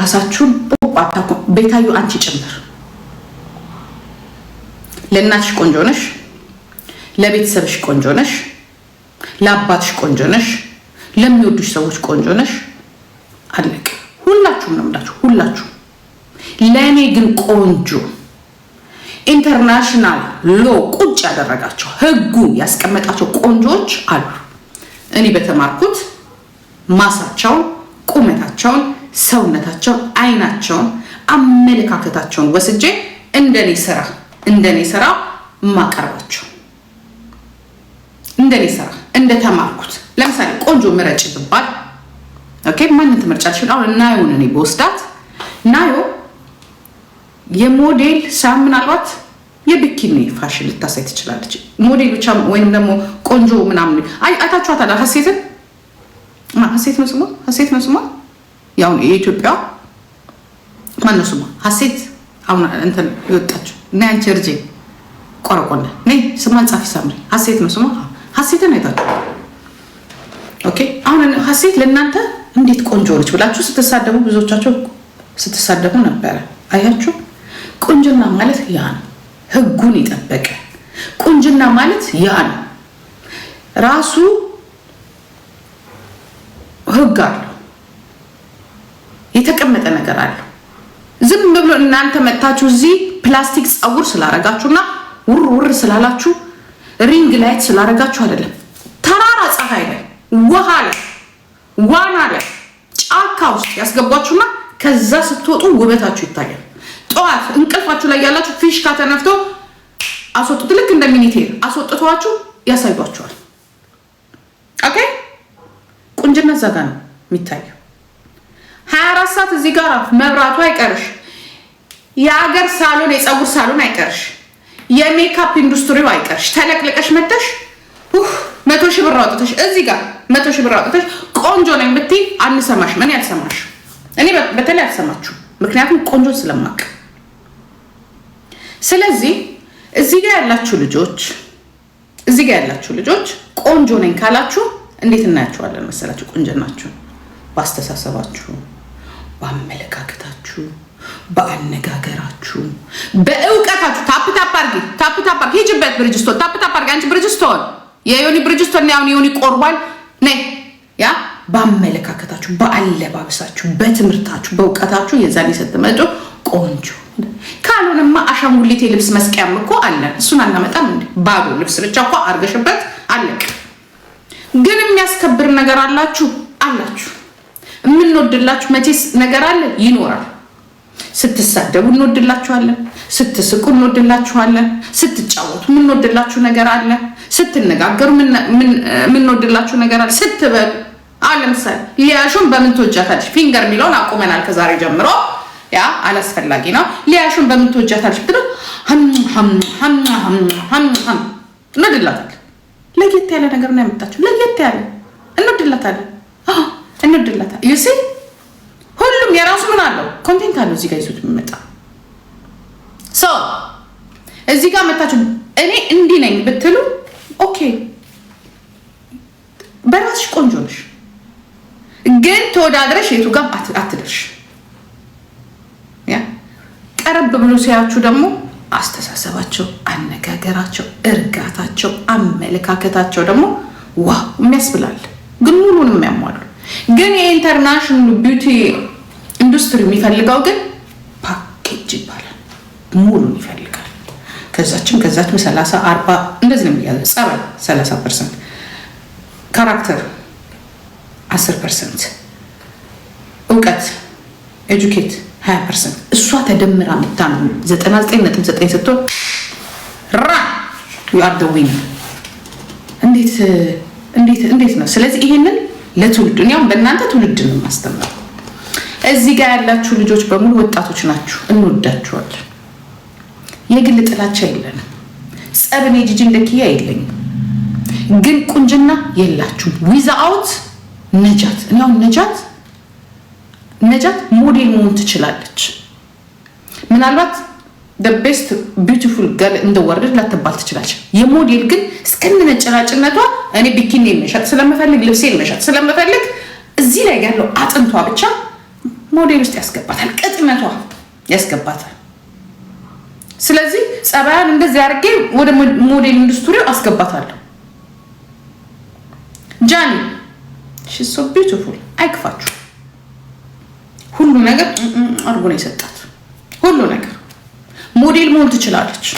ራሳችሁን ፖፕ አታውቁም። ቤታዩ አንቺ ጭምር ለእናትሽ ቆንጆ ነሽ፣ ለቤተሰብሽ ቆንጆ ነሽ፣ ለአባትሽ ቆንጆ ነሽ፣ ለሚወዱሽ ሰዎች ቆንጆ ነሽ። አለቅ ሁላችሁም ነው የምላችሁ፣ ሁላችሁ ለእኔ ግን ቆንጆ ኢንተርናሽናል ሎ ቁጭ ያደረጋቸው ህጉ ያስቀመጣቸው ቆንጆዎች አሉ። እኔ በተማርኩት ማሳቸውን ቁመታቸውን ሰውነታቸውን፣ አይናቸውን፣ አመለካከታቸውን ወስጄ እንደኔ ስራ እንደኔ ስራ ማቀርባቸው እንደኔ ስራ እንደተማርኩት ለምሳሌ ቆንጆ ምረጭ ይባል ኦኬ ማንን ትመርጫለሽ? አሁን ናዮን እኔ በወስዳት ናዮ የሞዴል ሳይሆን ምናልባት የብኪኒ ፋሽን ልታሳይ ትችላለች። ሞዴል ብቻ ወይም ደግሞ ቆንጆ ምናምን አይታችኋታል። ሀሴትን ሀሴት ነው ስሟ ሀሴት ነው ስሟ ያው የኢትዮጵያ ማነው ስሟ ሀሴት አሁን እንትን የወጣችው እና ያንቺ እርጄ ቆረቆነ ነ ስሟን ጻፊ ሳምሪ ሀሴት ነው ስሟ። ሀሴትን አይታችሁ ኦኬ። አሁን ሀሴት ለእናንተ እንዴት ቆንጆ ነች ብላችሁ ስትሳደቡ ብዙዎቻቸው ስትሳደቡ ነበረ። አያችሁ ቁንጅና ማለት ያ ነው፣ ህጉን የጠበቀ ቁንጅና ማለት ያ ነው። ራሱ ህግ አለ የተቀመጠ ነገር አለው። ዝም ብሎ እናንተ መታችሁ እዚህ ፕላስቲክ ፀጉር ስላረጋችሁና ውር ውር ስላላችሁ ሪንግ ላይት ስላረጋችሁ አይደለም። ተራራ ፀሐይ ላይ ውሃ ላይ ዋና ላይ ጫካ ውስጥ ያስገባችሁና ከዛ ስትወጡ ውበታችሁ ይታያል። ጠዋት እንቅልፋችሁ ላይ ያላችሁ ፊሽካ ተነፍቶ አስወጡት። ልክ እንደ ሚኒቴር አስወጥተዋችሁ ያሳዩቸዋል። ኦኬ ቁንጅነት ዘጋ ነው የሚታየው። ሀያ አራት ሰዓት እዚህ ጋር መብራቱ አይቀርሽ፣ የአገር ሳሎን የፀጉር ሳሎን አይቀርሽ፣ የሜካፕ ኢንዱስትሪው አይቀርሽ። ተለቅልቀሽ መተሽ መቶ ሺህ ብር አውጥተሽ እዚህ ጋር መቶ ሺህ ብር አውጥተሽ ቆንጆ ነኝ ብትይ አንሰማሽ። ምን ያልሰማሽ? እኔ በተለይ አልሰማችሁ፣ ምክንያቱም ቆንጆ ስለማቅ። ስለዚህ እዚህ ጋር ያላችሁ ልጆች እዚህ ጋር ያላችሁ ልጆች ቆንጆ ነኝ ካላችሁ እንዴት እናያችኋለን መሰላችሁ? ቆንጆ ናችሁ ባስተሳሰባችሁ በአመለካከታችሁ፣ በአነጋገራችሁ፣ በእውቀታችሁ ታፕ ታፕ አድርጊ። ታፕ ታፕ አድርጊ። ሂጂበት ብርጅስቶን ታፕ ታፕ አንቺ ብርጅስቶን የዮኒ ብርጅስቶን ያሁን ዮኒ ቆርቧል። ነይ ያ በአመለካከታችሁ፣ በአለባበሳችሁ፣ በትምህርታችሁ፣ በእውቀታችሁ የዛን ስትመጡ ቆንጆ ካልሆነማ አሻንጉሊት የልብስ መስቀያም እኮ አለን። እሱን አናመጣም። እንዴ? ባዶ ልብስ ብቻ እኮ አርገሽበት አለቅ። ግን የሚያስከብር ነገር አላችሁ አላችሁ የምንወድላችሁ መቼስ ነገር አለ ይኖራል። ስትሳደቡ እንወድላችኋለን፣ ስትስቁ እንወድላችኋለን፣ ስትጫወቱ የምንወድላችሁ ነገር አለ፣ ስትነጋገሩ የምንወድላችሁ ነገር አለ፣ ስትበሉ አሁን ለምሳሌ ሊያሹን በምን ትወጃታለሽ? ፊንገር የሚለውን አቁመናል። ከዛሬ ጀምሮ ያ አላስፈላጊ ነው። ሊያሹን በምን ትወጃታለሽ ብሎ እንወድላታለን። ለየት ያለ ነገር ነው ያመጣችው። ለየት ያለ እንወድላታለን። ይወርድለታል። ዩሲ ሁሉም የራሱ ምን አለው ኮንቴንት አለው እዚህ ጋ ይዞት የሚመጣ ሰው እዚህ ጋር መታችሁ እኔ እንዲህ ነኝ ብትሉ ኦኬ በራስሽ ቆንጆ ነሽ፣ ግን ተወዳድረሽ የቱ ጋር አትደርሽ። ቀረብ ብሎ ሲያችሁ ደግሞ አስተሳሰባቸው፣ አነጋገራቸው፣ እርጋታቸው፣ አመለካከታቸው ደግሞ ዋው የሚያስብላል፣ ግን ሙሉንም ያሟሉ ግን የኢንተርናሽናል ቢውቲ ኢንዱስትሪ የሚፈልገው ግን ፓኬጅ ይባላል። ሙሉን ይፈልጋል። ከዛችም ከዛችም ሰላሳ አርባ እንደዚህ ነው የሚያዘ ጸባይ ሰላሳ ፐርሰንት ካራክተር አስር ፐርሰንት እውቀት ኤጁኬት ሀያ ፐርሰንት እሷ ተደምራ ምታ ነው ዘጠና ዘጠኝ ነጥብ ዘጠኝ ስትሆን ራ ዩ አር እንዴት እንዴት ነው። ስለዚህ ይሄንን ለትውልድ እንዲያውም በእናንተ ትውልድ ነው የማስተምረው። እዚህ ጋር ያላችሁ ልጆች በሙሉ ወጣቶች ናችሁ፣ እንወዳችኋል። የግል ጥላቻ የለንም። ጸብን የጂጂ እንደኪያ የለኝም፣ ግን ቁንጅና የላችሁም። ዊዛአውት ነጃት እኒያው ነጃት ነጃት ሞዴል መሆን ትችላለች ምናልባት ቤስት ቢዩቲፉል ገል እንደወረድ ላትባል ትችላለች። የሞዴል ግን እስከነ ነጭናጭነቷ እኔ ቢኪኒ መሸጥ ስለምፈልግ ልብሴ መሸጥ ስለምፈልግ እዚህ ላይ ያለው አጥንቷ ብቻ ሞዴል ውስጥ ያስገባታል፣ ቅጥነቷ ያስገባታል። ስለዚህ ጸባያን እንደዚህ አድርጌ ወደ ሞዴል ኢንዱስትሪ አስገባታለሁ። ጃኒ ሽሶ ቢዩቲፉል አይክፋችሁ። ሁሉ ነገር አድርጎ ነው የሰጣት ሁሉ ነገር ሞዴል መሆን ትችላለች።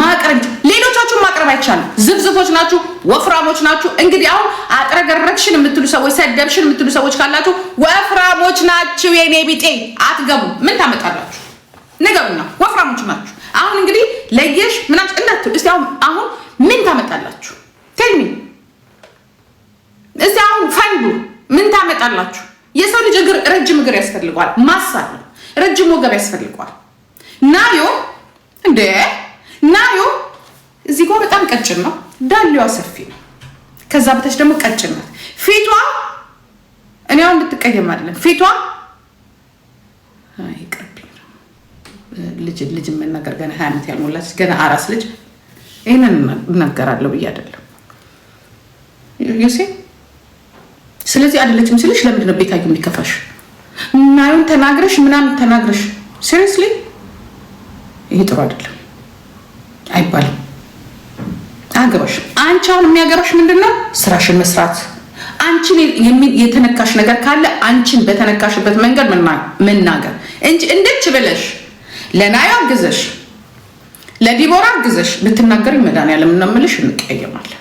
ማቅረብ ሌሎቻችሁ ማቅረብ አይቻልም። ዝብዝቦች ናችሁ፣ ወፍራሞች ናችሁ። እንግዲህ አሁን አጥረገረግሽን የምትሉ ሰዎች፣ ሰደብሽን የምትሉ ሰዎች ካላችሁ ወፍራሞች ናችሁ። የኔ ቢጤ አትገቡ። ምን ታመጣላችሁ? ንገሩና ወፍራሞች ናችሁ። አሁን እንግዲህ ለየሽ ምናች እንዳትሉ እስቲ። አሁን አሁን ምን ታመጣላችሁ? ቴልሚ እስቲ አሁን ፈንዱ ምን ታመጣላችሁ? የሰው ልጅ እግር ረጅም እግር ያስፈልገዋል። ማሳ ረጅም ወገብ ያስፈልገዋል። ናዮ እንደ ናዮ እዚህ ጋር በጣም ቀጭን ነው፣ ዳሌዋ ሰፊ ነው። ከዛ በታች ደግሞ ቀጭን ናት። ፊቷ እኔ አሁን ልትቀየም አይደለም ፊቷ ልጅ ልጅ መናገር ገና ሀያ ዓመት ያልሞላች ገና አራስ ልጅ ይህንን እናገራለሁ ብዬ አይደለም። ዩሴ ስለዚህ አይደለችም ስልሽ ለምንድነው ቤታዬ የሚከፋሽ? ናዩን ተናግረሽ ምናምን ተናግረሽ ሲሪየስሊ ይሄ ጥሩ አይደለም አይባልም። አገባሽ አንቺ አሁን የሚያገባሽ ምንድን ነው? ስራሽን መስራት አንቺን የተነካሽ ነገር ካለ አንቺን በተነካሽበት መንገድ መናገር እንጂ እንደች ብለሽ ለናዩ አግዘሽ ለዲቦራ አግዘሽ ብትናገር መድኃኒዓለም ነው የምልሽ። እንቀየማለን፣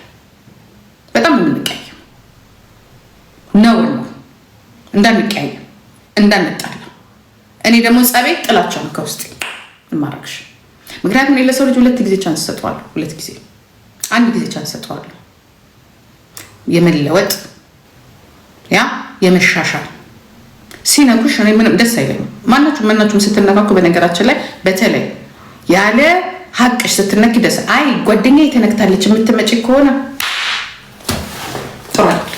በጣም የምንቀየም ነው። እንዳንቀያየም እንዳንጣላ። እኔ ደግሞ ጸቤ ጥላቸው ነው ከውስጤ የማረግሽ። ምክንያቱም እኔ ለሰው ልጅ ሁለት ጊዜ ቻንስ ሰጠዋለሁ። ሁለት ጊዜ አንድ ጊዜ ቻንስ ሰጠዋለሁ። የመለወጥ ያ የመሻሻል ሲነኩሽ እኔ ምንም ደስ አይለኝም። ማናችሁ መናችሁም ስትነካኩ፣ በነገራችን ላይ በተለይ ያለ ሀቅሽ ስትነክ ደስ አይ ጓደኛ የተነክታለች የምትመጪ ከሆነ ጥሩ አይደለም፣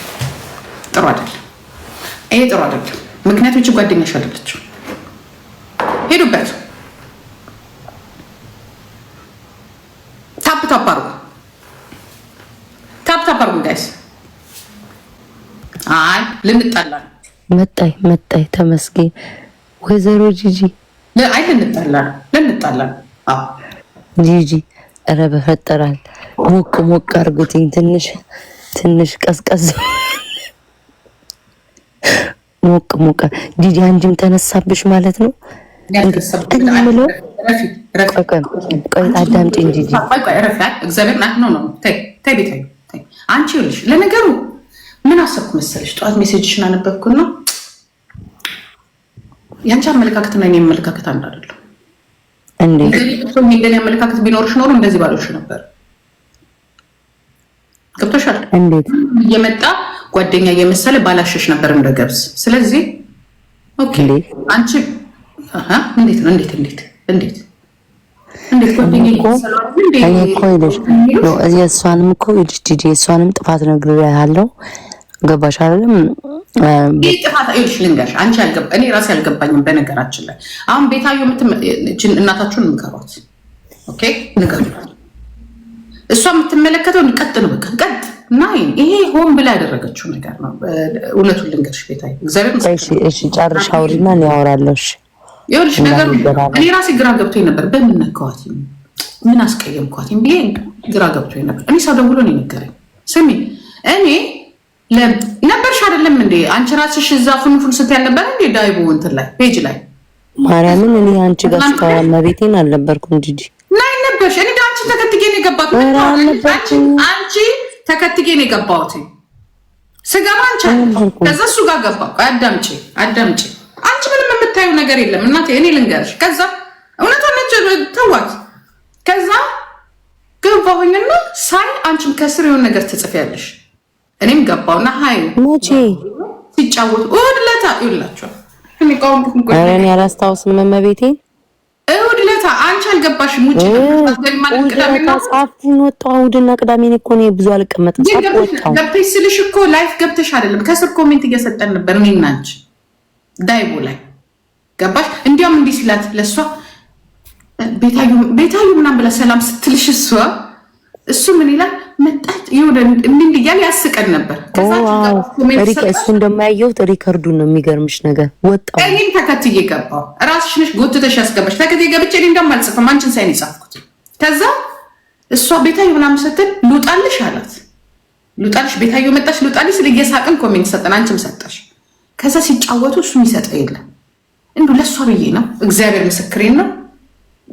ጥሩ አይደለም፣ ይሄ ጥሩ አይደለም። ምክንያቱም ይቺ ጓደኛሽ አይደለችው ልንጣላ ነው። መጣይ መጣይ ተመስገን ወይዘሮ ጂጂ አይ ልንጣላ ልንጣላ ጂጂ ኧረ በፈጠራል ሞቅ ሞቅ አርጉትኝ ትንሽ ትንሽ ቀዝቀዝ ሞቅ ሞቅ ጂጂ አንጂም ተነሳብሽ ማለት ነው አዳምጪኝ ጂጂ እግዚአብሔር ነው ነው ተይ ተይ ቤታዩ አንቺ ይኸውልሽ ለነገሩ ምን አሰብኩ መሰለሽ? ጠዋት ሜሴጅሽን አነበብኩና የአንቺ አመለካከትና የኔ አመለካከት አንድ አይደለም። እንደኔ አመለካከት ቢኖርሽ ኖሮ እንደዚህ ባሎች ነበር። ገብቶሻል? እየመጣ ጓደኛ እየመሰለ ባላሸሽ ነበር እንደ ገብስ። ስለዚህ አንቺ እንዴት ነው እንዴት እንዴት እንዴት እኔ እኮ እሷንም እኮ እሷንም ጥፋት ነግሬያለሁ ገባሽ አይደለም? ይህ ጥፋት ይኸውልሽ፣ ልንገርሽ፣ አንቺ እኔ ራሴ አልገባኝም። በነገራችን ላይ አሁን ቤታዮ ምትችን እናታችሁን ምከሯት፣ ንገሯት። እሷ የምትመለከተው ቀጥሉ፣ በቃ ቀጥ ናይ ይሄ ሆን ብላ ያደረገችው ነገር ነው። እውነቱን ልንገርሽ ቤታዮ፣ እግዚአብሔር ጨርሽ አውሪና ያወራለሽ። ይኸውልሽ ነገሩ እኔ ራሴ ግራ ገብቶኝ ነበር። በምን ነካኋት፣ ምን አስቀየምኳት ብዬ ግራ ገብቶኝ ነበር። እኔ ሰው ደውሎ ነው የነገረኝ። ስሚ እኔ ነበርሽ አይደለም እንዴ? አንቺ ራስሽ እዛ ፉንፉን ስት አልነበረ እንዴ? ዳይቦ እንትን ላይ ፔጅ ላይ ማርያምን እኔ አንቺ ጋር እስካሁን መቤቴን አልነበርኩም። ጂጂ ናይ ነበርሽ። እኔ አንቺ ተከትጌ ነው የገባሁት። አንቺ ተከትጌ ነው የገባሁት። ስገባ አንቺ ከዛ እሱ ጋር ገባሁ። አዳምጪ አዳምጪ። አንቺ ምንም የምታየው ነገር የለም እናቴ። እኔ ልንገርሽ። ከዛ እውነት ነች ተዋት። ከዛ ገባሁኝና ሳይ አንቺም ከስር የሆነ ነገር ትጽፊያለሽ እኔም ገባውና ሀይ መቼ ሲጫወቱ እሑድ ለታ ይውላቸዋል። እኔ አላስታውስም እመቤቴ እሑድ ዕለት አንቺ አልገባሽም። ውጭ ወጣሁ። ቅዳሜን እኮ እኔ ብዙ አልቀመጥም። ገብተሽ ስልሽ እኮ ላይፍ ገብተሽ አይደለም። ከስር ኮሜንት እየሰጠን ነበር እኔና አንቺ ዳይቦ ላይ ገባሽ። እንዲያውም እንዲህ ሲላት ለእሷ ቤታዩ ምናምን ብላ ሰላም ስትልሽ እሷ እሱ ምን ይላል መጣች የሆነ እንዲህ እያለ ያስቀን ነበር። እሱ እንደማያየሁት ሪከርዱን ነው የሚገርምሽ ነገር ወጣ። እኔም ተከትዬ ገባሁ። ራስሽ ነሽ ጎትተሽ ያስገባሽ። ተከትዬ ገብቼ እኔ እንደውም አልጽፍም አንቺን ሳይን የጻፍኩት። ከዛ እሷ ቤታዮ ምናምን ስትል ልውጣልሽ አላት። ልውጣልሽ ቤታዮ መጣች ልውጣልሽ ስል እየሳቅን ኮሜንት ሰጠን፣ አንቺም ሰጠሽ። ከዛ ሲጫወቱ እሱ የሚሰጠ የለም እንዱ ለእሷ ብዬ ነው እግዚአብሔር ምስክሬን ነው።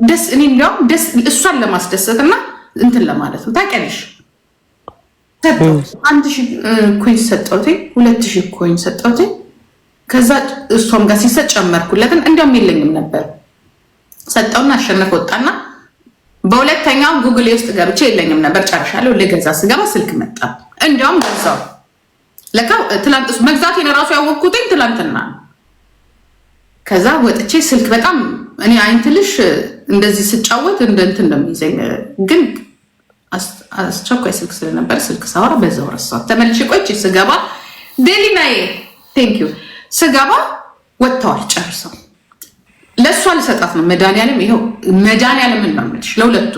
ደስ እኔ እንዲያውም ደስ እሷን ለማስደሰት እና እንትን ለማለት ነው። ታውቂያለሽ አንድ ሺ ኮይን ሰጠውቴ፣ ሁለት ሺ ኮይን ሰጠውቴ። ከዛ እሷም ጋር ሲሰጥ ጨመርኩለት። እንዲያውም የለኝም ነበር ሰጠውና አሸነፍ ወጣና በሁለተኛው ጉግሌ ውስጥ ገብቼ የለኝም ነበር ጨርሻለሁ። ልገዛ ስገባ ስልክ መጣ። እንዲያውም ገዛው። ለካ መግዛቴን እራሱ ያወቅኩትኝ ትላንትና ከዛ ወጥቼ ስልክ በጣም እኔ አይንትልሽ እንደዚህ ስጫወት እንደ እንትን እንደሚይዘኝ ግን አስቸኳይ ስልክ ስለነበር ስልክ ሳወራ በዛው ረሳት። ተመልሼ ቆይቼ ስገባ ዴሊናዬ ቴንክ ዩ ስገባ ወጥተዋል ጨርሰው። ለእሷ ልሰጣት ነው መድኃኒዓለም ይኸው መድኃኒዓለምን ነው ለሁለቱ።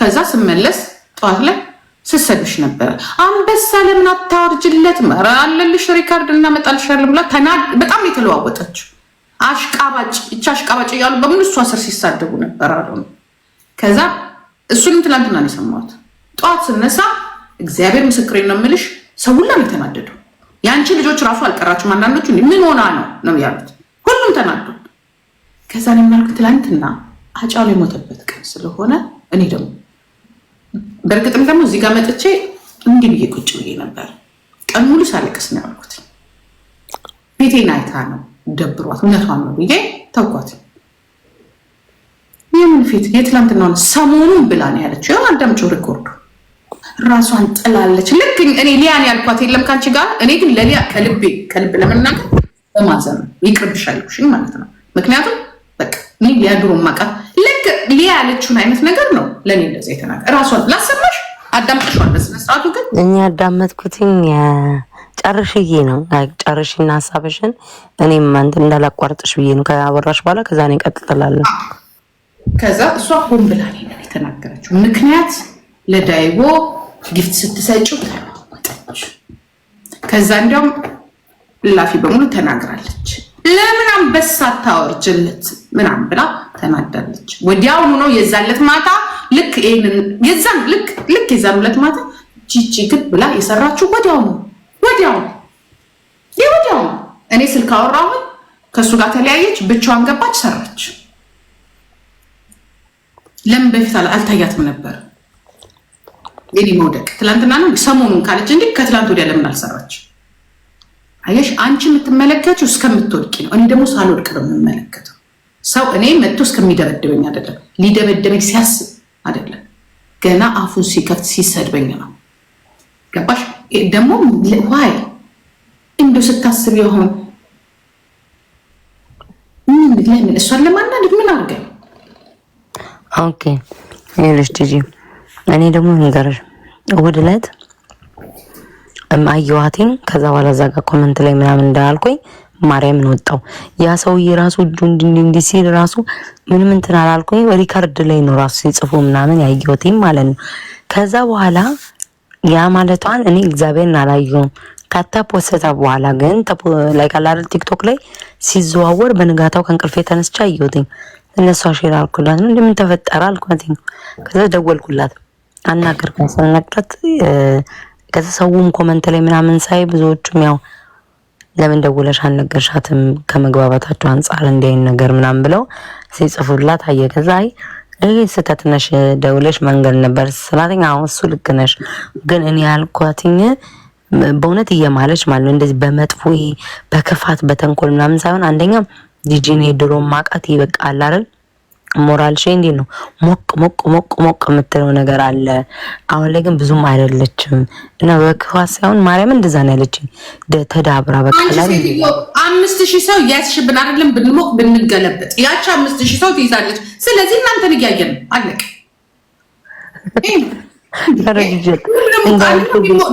ከዛ ስመለስ ጠዋት ላይ ስሰዱሽ ነበረ። አንበሳ ለምን አታወርጅለት? ኧረ አለልሽ ሪካርድ እናመጣልሻለን ብላ በጣም የተለዋወጠችው አሽቃባጭ እቻ አሽቃባጭ እያሉ በምን እሷ ስር ሲሳደቡ ነበር አሉ ከዛ እሱንም ትናንትና ነው የሰማሁት። ጠዋት ስነሳ እግዚአብሔር ምስክሬ ነው የምልሽ፣ ሰው ሁላ ነው የተናደደው። የአንቺ ልጆች ራሱ አልቀራችሁም። አንዳንዶቹ ምን ሆና ነው ነው ያሉት። ሁሉም ተናዱ። ከዛ ነው የምናልኩት። ትናንትና አጫሉ የሞተበት ቀን ስለሆነ እኔ ደግሞ በእርግጥም ደግሞ እዚህ ጋር መጥቼ እንዲህ ብዬ ቁጭ ብዬ ነበር። ቀን ሙሉ ሳለቅስ ነው ያልኩት። ቤቴን አይታ ነው ደብሯት እውነቷን ነው ብዬ ተውኳት። የምን ፊት የትላንትናውን ሰሞኑን ብላ ነው ያለችው። ያው አዳምጪው ሪኮርዱ ራሷን ጥላለች። ልክ እኔ ሊያን ያልኳት የለም ካንቺ ጋር እኔ ግን ለሊያ ከልቤ ከልብ ለመናገር በማዘን ይቅርብሻለሽ ማለት ነው። ምክንያቱም በቃ እኔ ሊያ ድሮ ማውቃት ልክ ሊያ ያለችውን አይነት ነገር ነው ለእኔ እንደዚያ የተናገር ራሷን ላሰማሽ አዳምጠሽዋል በስነስርዓቱ ግን እኛ አዳመጥኩትኝ ጨርሽዬ ነው ጨርሽና ሀሳብሽን እኔም እንትን እንዳላቋርጥሽ ብዬ ነው ከአወራሽ በኋላ ከዛ እኔ እቀጥላለሁ። ከዛ እሷ ሆን ብላ ነው የተናገረችው። ምክንያት ለዳይቦ ጊፍት ስትሰጭው ተለዋወጠች። ከዛ እንዲያውም ላፊ በሙሉ ተናግራለች። ለምን አንበሳ አታወርጅለት ምናምን ብላ ተናዳለች። ወዲያውኑ ነው የዛለት ማታ ልክ ይሄንን የዛን ልክ ልክ የዛን ሁለት ማታ ጂጂ ግብ ብላ የሰራችው ወዲያውኑ ወዲያው የወዲያው እኔ ስልክ አወራሁን ከእሱ ጋር ተለያየች፣ ብቻዋን ገባች፣ ሰራች። ለምን በፊት አልታያትም ነበር? የኔ መውደቅ ትላንትና ነው ሰሞኑን ካለች እንዲ ከትላንት ወዲያ ለምን አልሰራች? አየሽ አንቺ የምትመለከችው እስከምትወድቂ ነው። እኔ ደግሞ ሳልወድቅ ነው የምመለከተው። ሰው እኔ መጥቶ እስከሚደበድበኝ አይደለም፣ ሊደበድበኝ ሲያስብ አይደለም፣ ገና አፉን ሲከፍት ሲሰድበኝ ነው። ገባሽ? ደግሞ ዋይ እንዶ ስታስብ የሆን ምን ለምን እሷን ለማናደድ ምን አድርገ? ኦኬ ይኸውልሽ ጂጂ፣ እኔ ደግሞ ንገርሽ እሑድ ዕለት አየኋትኝ። ከዛ በኋላ እዛ ጋር ኮመንት ላይ ምናምን እንዳላልኩኝ ማርያምን ወጣው ያ ሰውዬ ራሱ እጁ እንዲህ እንዲህ ሲል ራሱ ምንም እንትን አላልኩኝ። ሪካርድ ላይ ነው ራሱ ሲጽፉ ምናምን ያየሁትኝ ማለት ነው። ከዛ በኋላ ያ ማለቷን እኔ እግዚአብሔርን አላየሁም። ከተፖስተ በኋላ ግን ላይቃላል ቲክቶክ ላይ ሲዘዋወር በንጋታው ከእንቅልፌ ተነስቻ አየሁትኝ። እነሷ ሼር አልኩላት ነው እንደምን ተፈጠረ አልኳትኝ። ከዛ ደወልኩላት አናገርኳት። ስነግራት ከዛ ሰውም ኮመንት ላይ ምናምን ሳይ ብዙዎቹም ያው ለምን ደውለሽ አልነገርሻትም ከመግባባታቸው አንጻር እንዲህ ነገር ምናምን ብለው ሲጽፉላት አየ። ከዛ አይ ይሄ ስህተት ነሽ፣ ደውለሽ መንገድ ነበር ስላትኝ፣ አሁን እሱ ልክ ነሽ። ግን እኔ ያልኳትኝ በእውነት እየማለች ማለት ነው እንደዚህ በመጥፎ በክፋት በተንኮል ምናምን ሳይሆን አንደኛ ልጅን የድሮ ማቃት ይበቃል አይደል ሞራል ሞራልሽ እንዴት ነው ሞቅ ሞቅ ሞቅ ሞቅ የምትለው ነገር አለ። አሁን ላይ ግን ብዙም አይደለችም እና በክፋት ሳይሆን ማርያም እንደዛ ነው ያለችኝ። ተዳብራ በቃላ አምስት ሺህ ሰው እያስሽብን አይደለም ብንሞቅ ብንገለበጥ ያቺ አምስት ሺህ ሰው ትይዛለች። ስለዚህ እናንተን እያየን ነው አለቅ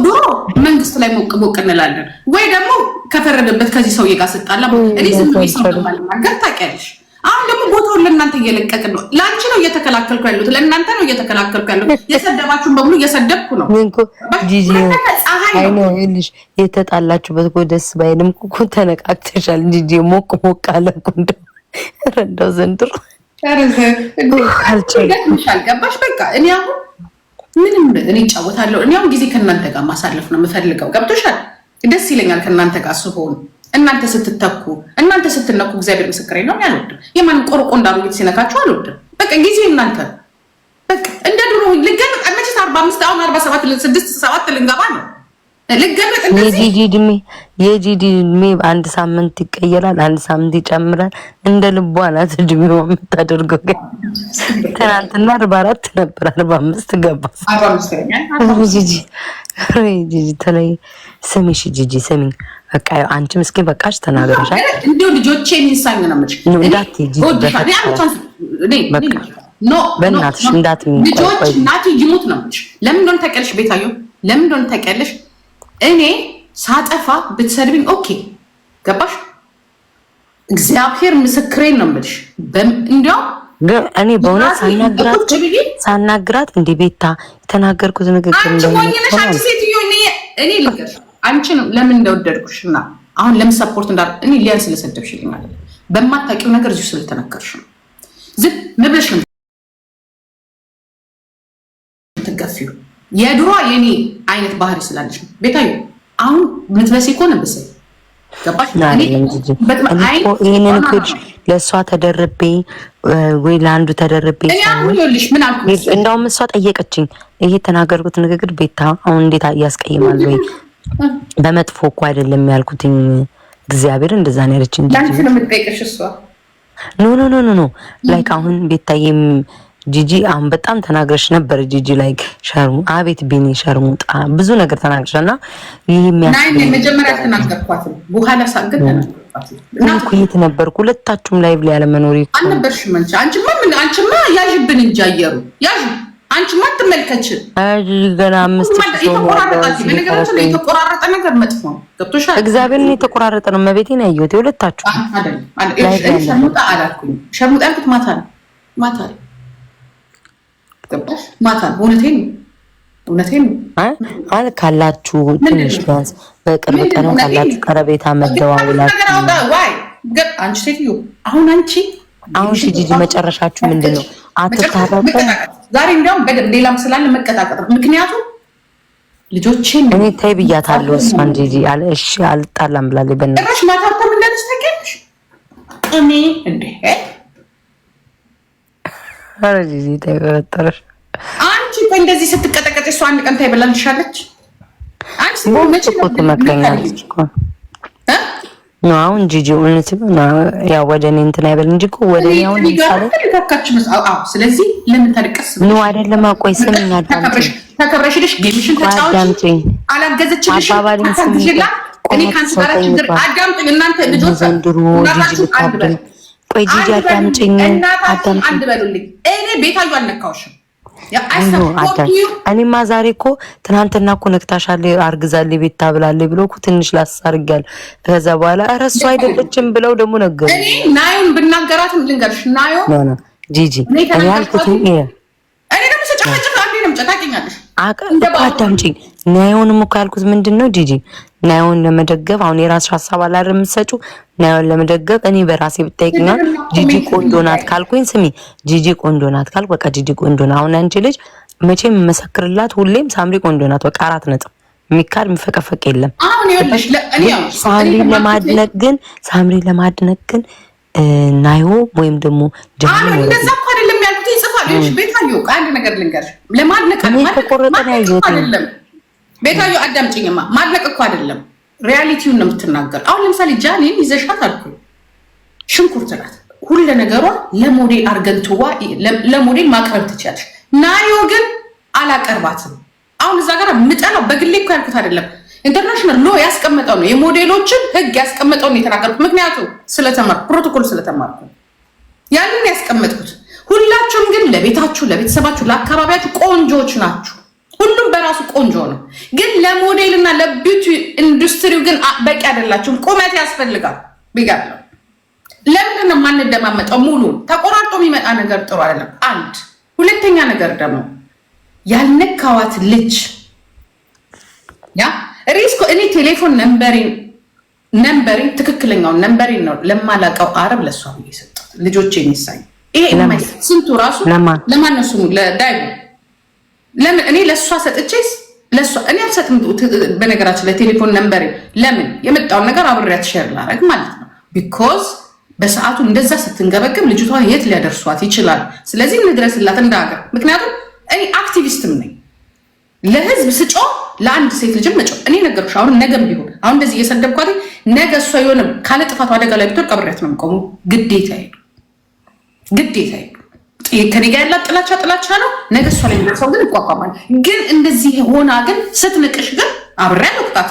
ድሮ መንግስት ላይ ሞቅ ሞቅ እንላለን ወይ ደግሞ ከፈረደበት ከዚህ ሰውዬ ጋር ስጣላ እኔ ዝም ሰው ባልናገር ታውቂያለሽ አሁን ደግሞ ቦታውን ለእናንተ እየለቀቅን ነው። ለአንቺ ነው እየተከላከልኩ ያሉት፣ ለእናንተ ነው እየተከላከልኩ ያሉት። የሰደባችሁን በሙሉ እየሰደብኩ ነው። ይኸውልሽ የተጣላችሁበት እኮ ደስ ባይልም እኮ ተነቃቅተሻል። ጂጂ ሞቅ ሞቅ አለ እኮ እንደው ረዳው ዘንድሮ ይገጥምሻል። ገባሽ? በቃ እኔ አሁን ምንም እኔ እጫወታለሁ። እኔ አሁን ጊዜ ከእናንተ ጋር ማሳለፍ ነው የምፈልገው። ገብቶሻል? ደስ ይለኛል ከእናንተ ጋር ስሆን እናንተ ስትተኩ እናንተ ስትነኩ እግዚአብሔር ምስክሬ ነው። አልወድም የማን ቆርቆ እንዳሉ ሲነካችሁ አልወድም። በቃ ጊዜ እናንተ እንደ ድሮ ልገለጥ መቼስ አርባ አምስት አሁን አርባ ሰባት ስድስት ሰባት ልንገባ ነው ልገለጥ እንደዚህ የጂጂ እድሜ አንድ ሳምንት ይቀየራል፣ አንድ ሳምንት ይጨምራል። እንደ ልቧ ናት እድሜዋ የምታደርገው። ግን ትናንትና አርባ አራት ነበር አርባ አምስት ገባ። ጂጂ ተለይ ስሚሽ ጂጂ ስሚኝ በቃ አንቺ ምስኪን በቃሽ፣ ተናገረሻል። እንደው ልጆቼ የሚሳኝ ነው የምልሽ። በእናትሽ እንዳት ልጆች እናቴ ይሙት ነው የምልሽ። ለምን እንደሆነ ታውቂያለሽ፣ ቤታዮ ለምን እንደሆነ ታውቂያለሽ። እኔ ሳጠፋ ብትሰድብኝ ኦኬ፣ ገባሽ? እግዚአብሔር ምስክሬን ነው የምልሽ። እንዲያውም ግን እኔ በእውነት ሳናግራት ሳናግራት እንዲህ ቤታ የተናገርኩት ንግግር ሴትዮ እኔ ልንገርሽ አንቺንም ለምን እንደወደድኩሽና አሁን ለምን ሰፖርት እንዳ እኔ ሊያን ስለሰደብሽልኝ ማለት በማታውቂው ነገር እዚሁ ስለተነከርሽ ነው። ዝም ንብለሽ ነው ትገፊው። የድሮ የኔ አይነት ባህሪ ስላለች ነው። ቤታዩ አሁን ምትበሲ ከሆነ ብስ ይህንን ኮች ለእሷ ተደርቤ ወይ ለአንዱ ተደርቤ እንደውም እሷ ጠየቀችኝ። ይሄ የተናገርኩት ንግግር ቤታ አሁን እንዴት እያስቀይማል ወይ በመጥፎ እኮ አይደለም ያልኩትኝ። እግዚአብሔር እንደዛ ነው ያለች እንጂ ኖ ኖ ኖ ኖ ኖ ላይክ አሁን ቤታዬም ጂጂ አሁን በጣም ተናግረሽ ነበር። ጂጂ ላይክ ሸርሙ አቤት ቢኒ ሸርሙጣ ብዙ ነገር ተናግረሻል። እና ይህ የሚያስመጀመሪያ ነበርኩ ሁለታችሁም ላይቭ ላይ ያለመኖሪ አንቺማ ያዥብን እንጂ አየሩ ያዥ አንቺ ማ ገና አምስት የተቆራረጠ የተቆራረጠ ነገር መጥፎ ነው። ገብቶሻል? እግዚአብሔርን የተቆራረጠ ነው። መቤቴን ያየሁት የሁለታችሁ ሸሙጣ አላልኩኝ። ሸሙጣ ያልኩት ማታ ነው። ማታ ማታ ነው። እውነቴን እውነቴን ካላችሁ ትንሽ ቢያንስ በቅርብ ቀን ካላችሁ ቀረቤታ መደዋውላችሁ አንቺ ሴትዮ አሁን አንቺ አሁን ጂጂ መጨረሻችሁ ምንድን ነው? አትታረቁ። ዛሬ እንዲያውም ሌላም ስላለ መቀጣቀጥ ምክንያቱም ልጆቼ እኔ ተይ ብያታለሁ። እሷ እንዲህ እሺ አልጣላም ብላለች። በእናትሽ ማታ እኮ እንዳለች ታውቂያለሽ? እኔ እንደ ኧረ ጂጂ ተይ በፈጠረሽ። አንቺ እኮ እንደዚህ ስትቀጠቀጥ እሷ አንድ ቀን ተይ ብላልሻለች። አንቺ ስትመጪ ትመክረኛለች እኮ ነው አሁን ጂጂ እውነት ያው ወደ እኔ እንትን አይበል እንጂ እኮ ወደ እኔ አሁን ስለዚህ ለምን ነው አይደለም። አቆይ ስሚኝ፣ ተከብረሽልሽ አዳምጪኝ፣ አዳምጪኝ፣ እኔ ቤታዩ አልነካውሽም እኔማ ዛሬ እኮ ትናንትና እኮ ነቅታሻል አርግዛል ቤት ታብላል ብሎ እኮ ትንሽ ላሳርጋል። ከዛ በኋላ ኧረ እሱ አይደለችም ብለው ደግሞ ነገሩ። እኔ ናዩን ብናገራትም ልንገርሽ ናዩ ጂጂ እኔ ያልኩት እኔ አታምጪ ታውቂኛለሽ። አታምጪኝ ናየውንም እኮ ያልኩት ምንድን ነው ለመደገፍ አሁን ሀሳብ አላር የምትሰጪው ለመደገፍ እኔ በራሴ ብታይቅኛ ጂጂ ቆንጆ ናት ካልኩኝ፣ ስሚ ጂጂ ቆንጆ ናት ካልኩ በቃ ጂጂ ቆንጆ ናት። አሁን አንቺ ልጅ መቼም የምመሰክርላት ሁሌም ሳምሪ ቆንጆ ናት። በቃ አራት ነጥብ። የሚካድ የሚፈቀፈቅ የለም። ሳምሪ ለማድነቅ ግን ሳምሪ ለማድነቅ ግን ናዮ ወይም ደግሞ እንደዛ እኮ ቤታዩ፣ አዳምጪኝማ ማድነቅ እኮ አይደለም ሪያሊቲውን ነው የምትናገር። አሁን ለምሳሌ ጃኔን ይዘሻት አልኩ ሽንኩርት ናት ሁለ ነገሯ ለሞዴል አርገንትዋ ለሞዴል ማቅረብ ትችያለሽ። ናዮ ግን አላቀርባትም። አሁን እዛ ጋር ምጠላው በግሌ እኮ ያልኩት አይደለም ኢንተርናሽናል ሎ ያስቀመጠው ነው የሞዴሎችን ህግ ያስቀመጠው ነው የተናገርኩት። ምክንያቱ ስለተማርኩ ፕሮቶኮል ስለተማርኩ ያንን ያስቀመጥኩት። ሁላችሁም ግን ለቤታችሁ፣ ለቤተሰባችሁ፣ ለአካባቢያችሁ ቆንጆዎች ናችሁ። ሁሉም በራሱ ቆንጆ ነው። ግን ለሞዴል እና ለቢዩቲ ኢንዱስትሪው ግን በቂ አይደላችሁም። ቁመት ያስፈልጋል። ቢጋለው ለምንድን ነው የማንደማመጠው? ሙሉ ተቆራርጦ የሚመጣ ነገር ጥሩ አይደለም። አንድ ሁለተኛ ነገር ደግሞ ያልነካዋት ልጅ ያ ሪስኮ እኔ ቴሌፎን ነንበሪን ነንበሪን ትክክለኛውን ነንበሪን ነው ለማላውቀው አረብ ለእሷ ብዬ የሰጠሁት ልጆቼ የሚሳኝ ይሄ ስንቱ ራሱ ለማን ነው ስሙ ለዳይ ለምን እኔ ለእሷ ሰጥቼስ ለእሷ እኔ አልሰጥም። በነገራችን ለቴሌፎን ቴሌፎን ለምን የመጣውን ነገር አብሬያት ሼር ላረግ ማለት ነው። ቢኮዝ በሰዓቱ እንደዛ ስትንገበገብ ልጅቷ የት ሊያደርሷት ይችላል። ስለዚህ እንድረስላት እንደ ሀገር። ምክንያቱም እኔ አክቲቪስትም ነኝ ለህዝብ ስጮ ለአንድ ሴት ልጅም መጮ እኔ ነገርኩሽ። አሁን ነገም ቢሆን አሁን እንደዚህ እየሰደብኳት ነገ እሷ የሆነም ካለ ጥፋቱ አደጋ ላይ ብትወድቅ ቀብሬያት ነው የምቆመው። ግዴታ ግዴታ ከኔ ጋር ያላት ጥላቻ ጥላቻ ነው። ነገ እሷ ላይ ሰው ግን ይቋቋማል። ግን እንደዚህ ሆና ግን ስትንቅሽ ግን አብሬ መቅጣት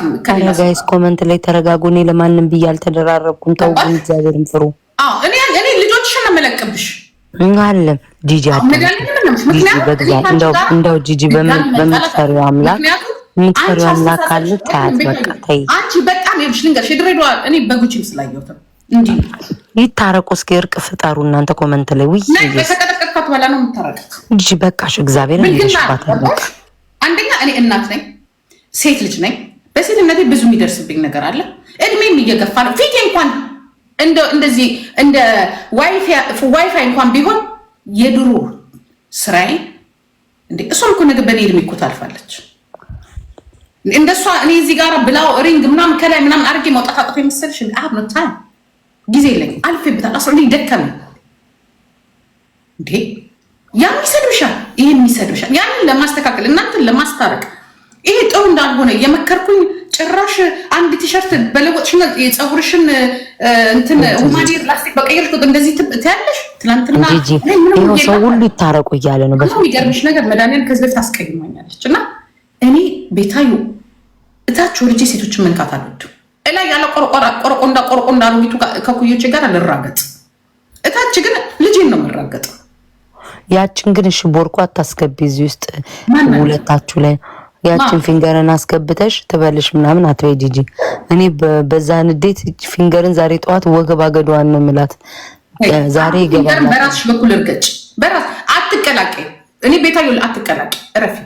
ጋይስ ኮመንት ላይ ተረጋጉ። እኔ ለማንም ብዬ አልተደራረብኩም። ተው እግዚአብሔርን ፍሩ። እኔ ልጆችሽን ነው የምለቅብሽ አለም ጂጂ እንደው ጂጂ አምላክ አምላክ ካለ ታያት። በቃ ተይ አንቺ በጣም ይኸውልሽ፣ ልንገርሽ የድሬዳዋ እኔ ስላየሁት እንዲህ ይታረቁ እስኪ እርቅ ፍጠሩ እናንተ ኮመንት ላይ ውይ። በኋላ ነው ጂጂ በቃሽ፣ አንደኛ እኔ እናት ነኝ፣ ሴት ልጅ ነኝ። በሴትነቴ ብዙ የሚደርስብኝ ነገር አለ። እድሜም እየገፋ ነው ፊቴ እንኳን እንደዚህ እንደ ዋይፋይ እንኳን ቢሆን የድሮ ስራዬ እንዴ እሷም እኮ ነገር በእኔ እድሜ እኮ ታልፋለች። እንደሷ እኔ እዚህ ጋር ብላው ሪንግ ምናምን ከላይ ምናምን አድርጌ መውጣት አቅቶ የመሰለሽ አብ ነው ታይም ጊዜ የለኝም። አልፌበታል። አስራ ደከመ እንዴ ያን ይሰድብሻል፣ ይህን ይሰድብሻል። ያንን ለማስተካከል እናንተን ለማስታረቅ ይሄ ጥሩ እንዳልሆነ እየመከርኩኝ ጭራሽ አንድ ቲሸርት በለወጥሽና የፀጉርሽን እንትን ሁማኔር ላስቲክ በቀየርሽ ቁጥር እንደዚህ ትያለሽ። ትናንትና ሰው ሁሉ ይታረቁ እያለ ነው። በጣም የሚገርምሽ ነገር መድኃኒዓለም ከዚህ በፊት አስቀይማኛለች እና እኔ ቤታዩ እታች ወርጄ ሴቶችን መንካት አልወድም። እላይ ያለ ቆርቆንዳ ቆርቆንዳ ሮቢቱ ከኩዮቼ ጋር አልራገጥ፣ እታች ግን ልጄን ነው የምራገጠው። ያችን ግን እሺ ቦርኮ አታስገቢ እዚህ ውስጥ ሁለታችሁ ላይ ያችን ፊንገርን አስገብተሽ ትበልሽ ምናምን አትበይ ጂጂ። እኔ በዛ ንዴት ፊንገርን ዛሬ ጠዋት ወገብ አገዷን ነው የምላት። ዛሬ ይገባል። በራስሽ በኩል እርገጭ፣ በራስ አትቀላቀይ። እኔ ቤታዮ አትቀላቀይ። እረፊ፣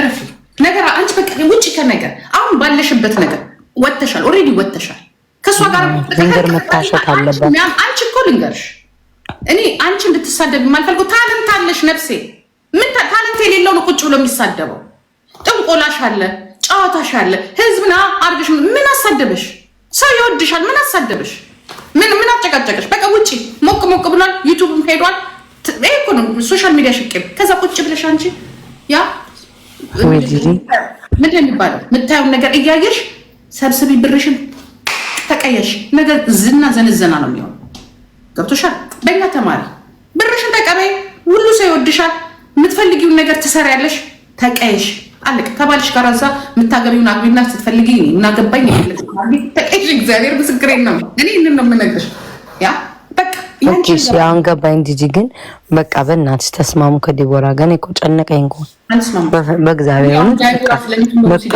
እረፊ። ነገር አንቺ በቃ ውጭ ከነገር አሁን ባለሽበት ነገር ወተሻል፣ ኦልሬዲ ወተሻል። ከእሷ ጋር ፊንገር መታሸት አለበት። አንቺ እኮ ልንገርሽ፣ እኔ አንቺ እንድትሳደብ የማልፈልገው ታለንት አለሽ ነፍሴ። ምን ታለንት የሌለው ነው ቁጭ ብሎ የሚሳደበው ጥንቆላሽ አለ፣ ጨዋታሽ አለ። ህዝብና አርገሽ ምን አሳደበሽ? ሰው ይወድሻል። ምን አሳደበሽ? ምን ምን አጨቃጨቀሽ? በቃ ውጪ ሞቅ ሞቅ ብሏል። ዩቱብም ሄዷል። ይሄ እኮ ነው ሶሻል ሚዲያ ሽቅብ። ከዛ ቁጭ ብለሽ አንቺ ያ ምን የሚባለው የምታየውን ነገር እያየሽ ሰብስቢ ብርሽን ተቀየሽ ነገር ዝና ዘንዘና ነው የሚሆን። ገብቶሻል? በእኛ ተማሪ ብርሽን ተቀበይ፣ ሁሉ ሰው ይወድሻል። የምትፈልጊውን ነገር ትሰሪያለሽ። ተቀየሽ አለቅ ከባልሽ ጋር እዛ የምታገቢውን አግቢና ስትፈልጊ እናገባኝ ተቀሽ እግዚአብሔር ምስክሬ ነው። እኔ ይህንን ነው የምነግርሽ። ያ በቃ ገባኝ። ጂጂ ግን በቃ በእናትሽ ተስማሙ ከዲቦራ ገን እኮ ጨነቀኝ እኮ በእግዚአብሔር በቃ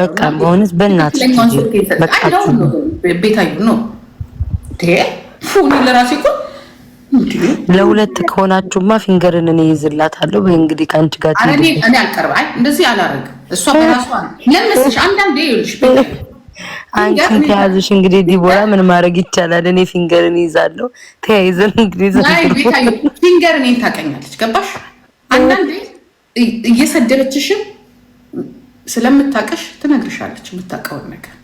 በቃ በእውነት በእናትሽ ቤታዩ ነው ፉኒ ለራሴ እኮ ለሁለት ከሆናችሁማ ፊንገርን እኔ ይዝላታለሁ። እንግዲህ ከአንቺ ጋር እኔ አልቀርብ። አይ እንደዚህ አላደርግም። እሷ በራሷ ለምስሽ አንዳንዴ ይልሽ አንቺን ተያዝሽ። እንግዲህ ዲቦራ ምን ማድረግ ይቻላል? እኔ ፊንገርን ይዛለሁ። ተያይዘን እንግዲህ ፊንገር እኔን ታቀኛለች። ገባሽ? አንዳንዴ እየሰደበችሽም ስለምታቀሽ ትነግርሻለች። የምታውቀውን ነገር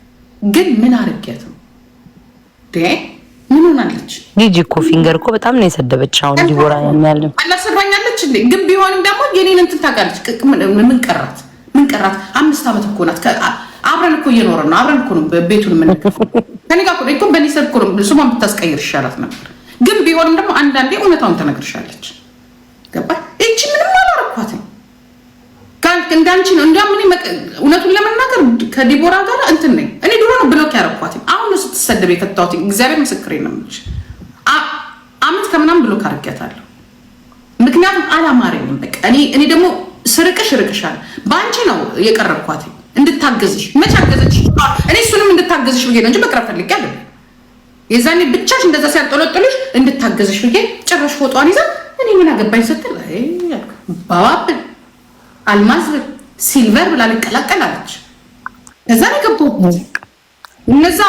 ግን ምን አርጊያት ነው ምን ሆናለች? ጂጂ እኮ ፊንገር እኮ በጣም ነው የሰደበች። አሁን ዲቦራ ያለው አላሰራኛለች እንዴ? ግን ቢሆንም ደግሞ የኔን እንትን ታውቃለች። ምን ቀራት? ምን ቀራት? አምስት ዓመት እኮ ናት። አብረን እኮ እየኖረ ነው። አብረን እኮ ነው ቤቱን የምንከፍለው። ከኔ ጋር እኮ በእኔ ሰድ እኮ ነው። ስሟን ብታስቀይር ይሻላት ነበር። ግን ቢሆንም ደግሞ አንዳንዴ እውነታውን ተነግርሻለች። ገባ? ይቺ ምንም አላረኳትም እንዳንቺ ነው። እንዲያውም እውነቱን ለመናገር ከዲቦራ ጋር እንትን ነኝ እኔ ድሮ ነው ብሎክ ያረኳትኝ። አሁን ነው ስትሰደብ የከታሁት። እግዚአብሔር ምስክሬ ነው። ምች አመት ከምናምን ብሎክ አድርጊያታለሁ። ምክንያቱም አላማረኝም። በቃ እኔ ደግሞ ስርቅሽ ርቅሻል። በአንቺ ነው የቀረብኳት እንድታገዝሽ መቼ አገዘች? እኔ እሱንም እንድታገዝሽ ብዬ ነው እንጂ መቅረብ ፈልጌ አለ የዛኔ ብቻሽ እንደዛ ሲያንጠለጥልሽ እንድታገዝሽ ብዬ ጭራሽ ፎጧን ይዛ እኔ ምን አገባኝ ስትል ባባብን አልማዝ ሲልቨር ብላ ልቀላቀል አለች። ከዛ ነው የገባሁት እነዛ